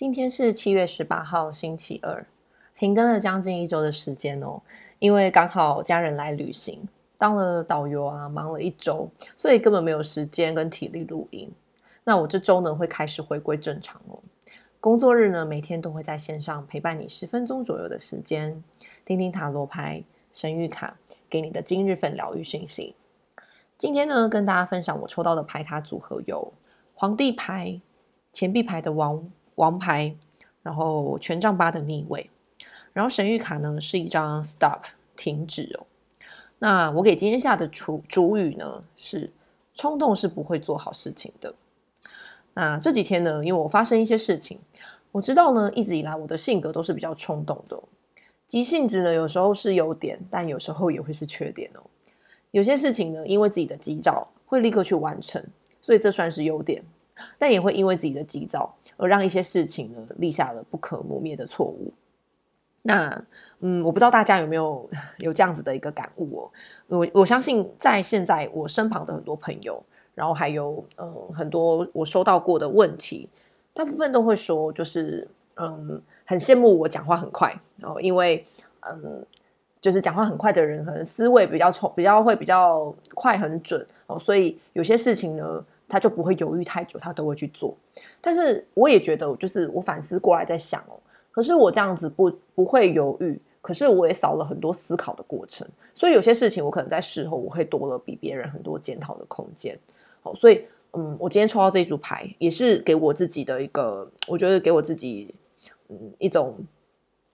今天是七月十八號，星期二，停更了將近一周的時間哦，因為剛好家人來旅行，當了導遊啊，忙了一周，所以根本沒有時間跟體力錄音。那我這周呢會開始回歸正常哦，工作日呢每天都會在線上陪伴你十分鐘左右的時間，聽聽塔羅牌、神諭卡，給你的今日份療癒訊息。今天呢跟大家分享我抽到的牌卡組合有：皇帝牌、錢幣牌的王王牌，然後權杖八的逆位，然後神諭卡呢是一張 stop 停止哦。那我給今天下的主主語呢是衝動是不會做好事情的。那這幾天呢，因為我發生一些事情，我知道呢一直以來我的性格都是比較衝動的，急性子呢有時候是優點，但有時候也會是缺點哦。有些事情呢，因為自己的急躁會立刻去完成，所以這算是優點。但也會因為自己的急躁而讓一些事情呢立下了不可磨滅的錯誤。那嗯，我不知道大家有沒有有這樣子的一個感悟哦。我我相信在現在我身旁的很多朋友，然後還有嗯、呃、很多我收到過的問題，大部分都會說就是嗯，很羨慕我講話很快，然後因為嗯就是講話很快的人，可能思維比較比較會比較快很準哦，所以有些事情呢。他就不會猶豫太久，他都會去做。但是我也覺得，就是我反思過來在想哦，可是我這樣子不不會猶豫，可是我也少了很多思考的過程。所以有些事情我可能在事後我會多了比別人很多檢討的空間。好，所以嗯，我今天抽到這一組牌也是給我自己的一個，我覺得給我自己嗯一種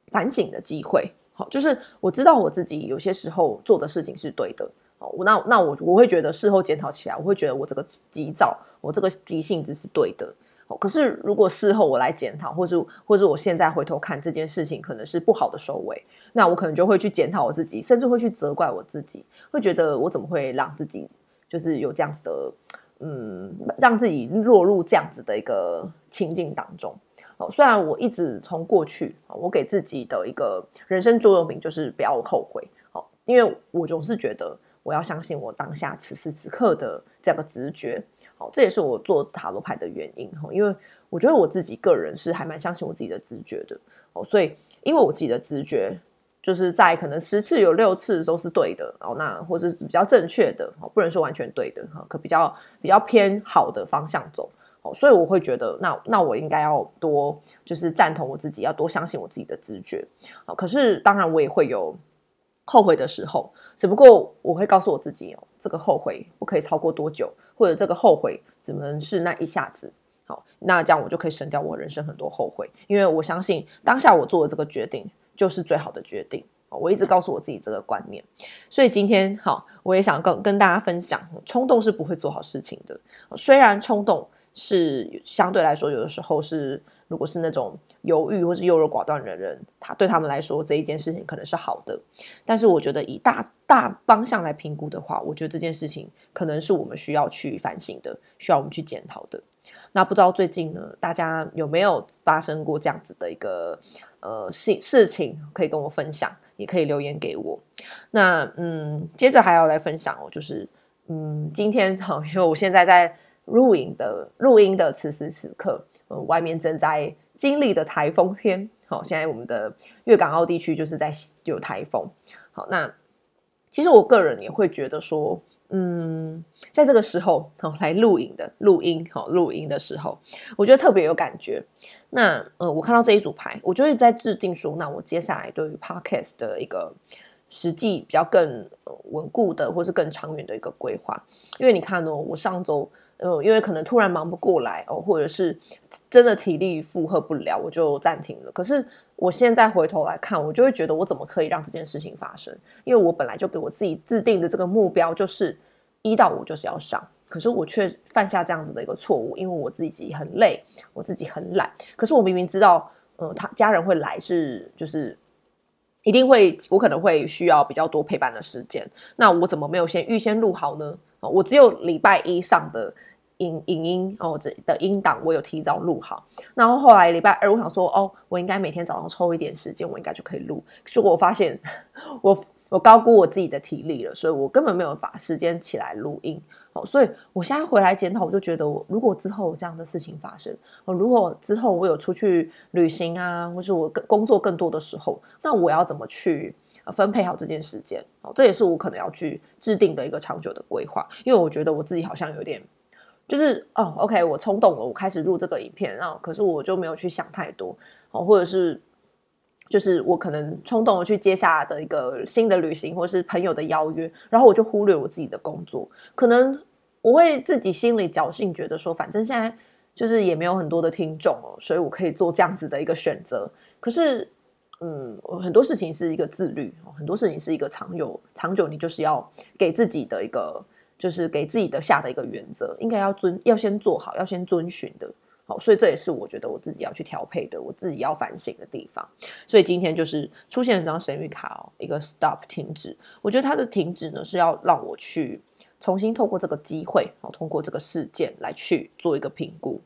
反省的機會。好，就是我知道我自己有些時候做的事情是對的。哦，那那我我會覺得事後檢討起來，我會覺得我這個急躁，我這個急性子是對的。哦，可是如果事後我來檢討，或是或是我現在回頭看這件事情，可能是不好的收尾，那我可能就會去檢討我自己，甚至會去責怪我自己，會覺得我怎麼會讓自己就是有這樣子的，嗯，讓自己落入這樣子的一個情境當中。哦，雖然我一直從過去我給自己的一個人生座右銘就是不要後悔。哦，因為我總是覺得。我要相信我當下此時此刻的這個直覺，好，這也是我做塔羅牌的原因，因為我覺得我自己個人是還蠻相信我自己的直覺的，所以因為我自己的直覺就是在可能十次有六次都是對的，那或者是比較正確的，不能說完全對的，可比較比較偏好的方向走，所以我會覺得那那我應該要多就是贊同我自己，要多相信我自己的直覺，可是當然我也會有後悔的時候，只不過我會告訴我自己哦，這個後悔不可以超過多久，或者這個後悔只能是那一下子，好，那這樣我就可以省掉我人生很多後悔，因為我相信當下我做的這個決定就是最好的決定。我一直告訴我自己這個觀念，所以今天好，我也想跟跟大家分享，衝動是不會做好事情的，雖然衝動是相對來說有的時候是。如果是那種猶豫或是優柔寡斷的人，他對他們來說，這一件事情可能是好的，但是我覺得以大大方向來評估的話，我覺得這件事情可能是我們需要去反省的，需要我們去檢討的。那不知道最近呢，大家有沒有發生過這樣子的一個呃、事事情，可以跟我分享，也可以留言給我。那嗯，接着還要來分享哦，就是嗯，今天哦，因、嗯、為我現在在錄影的錄音的此時此刻。呃，外面正在經歷的台風天，好、哦，現在我們的粵港澳地區就是在有台風。好，那其實我個人也會覺得說，嗯，在這個時候，好、哦、來錄影的錄音，好、哦、錄音的時候，我覺得特別有感覺。那呃，我看到這一組牌，我就一直在制定說，那我接下來對於 Podcast 的一個實際比較更穩固的，或是更長遠的一個規劃。因為你看哦，我上週。嗯、呃，因為可能突然忙不過來哦，或者是真的體力負荷不了，我就暫停了。可是我現在回頭來看，我就會覺得我怎麼可以讓這件事情發生？因為我本來就給我自己制定的這個目標就是一到五就是要上，可是我卻犯下這樣子的一個錯誤。因為我自己很累，我自己很懶。可是我明明知道，呃，他家人會來是就是一定會，我可能會需要比較多陪伴的時間。那我怎麼沒有先預先錄好呢？我只有禮拜一上的影影音哦，這的音檔我有提早錄好，然後後來禮拜二我想說哦，我應該每天早上抽一點時間，我應該就可以錄。結果我發現我。我高估我自己的體力了，所以我根本沒有把時間起來錄音哦。所以我現在回來檢討，我就覺得我如果之後有這樣的事情發生，我、哦、如果之後我有出去旅行啊，或是我工作更多的時候，那我要怎麼去分配好這件時間？哦，這也是我可能要去制定的一個長久的規劃，因為我覺得我自己好像有點，就是哦，OK，我衝動了，我開始錄這個影片，然後可是我就沒有去想太多哦，或者是。就是我可能衝動的去接下的一個新的旅行，或是朋友的邀約，然後我就忽略我自己的工作。可能我會自己心裡僥倖覺得說，反正現在就是也沒有很多的聽眾哦，所以我可以做這樣子的一個選擇。可是，嗯，很多事情是一個自律哦，很多事情是一個長久，長久你就是要給自己的一個，就是給自己的下的一個原則，應該要遵，要先做好，要先遵循的。好，所以這也是我覺得我自己要去調配的，我自己要反省的地方。所以今天就是出現這張神諭卡哦，一個 stop 停止。我覺得它的停止呢，是要讓我去重新透過這個機會，然、哦、通過這個事件來去做一個評估。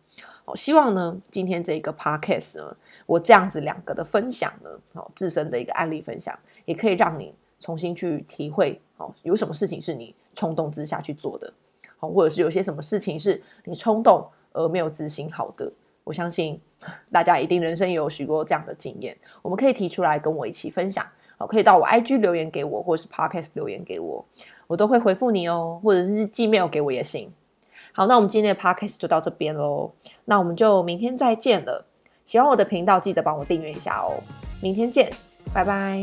好、哦，希望呢，今天這一個 podcast 呢，我這樣子兩個的分享呢，好、哦，自身的一個案例分享，也可以讓你重新去體會，好、哦，有什麼事情是你衝動之下去做的，好、哦，或者是有些什麼事情是你衝動。而沒有執行好的，我相信大家一定人生有許多這樣的經驗，我們可以提出來跟我一起分享。好，可以到我 IG 留言給我，或者是 Podcast 留言給我，我都會回復你哦、喔，或者是寄 mail 給我也行。好，那我們今天的 Podcast 就到這邊咯，那我們就明天再見了。喜歡我的頻道，記得幫我訂閱一下哦、喔。明天見，拜拜。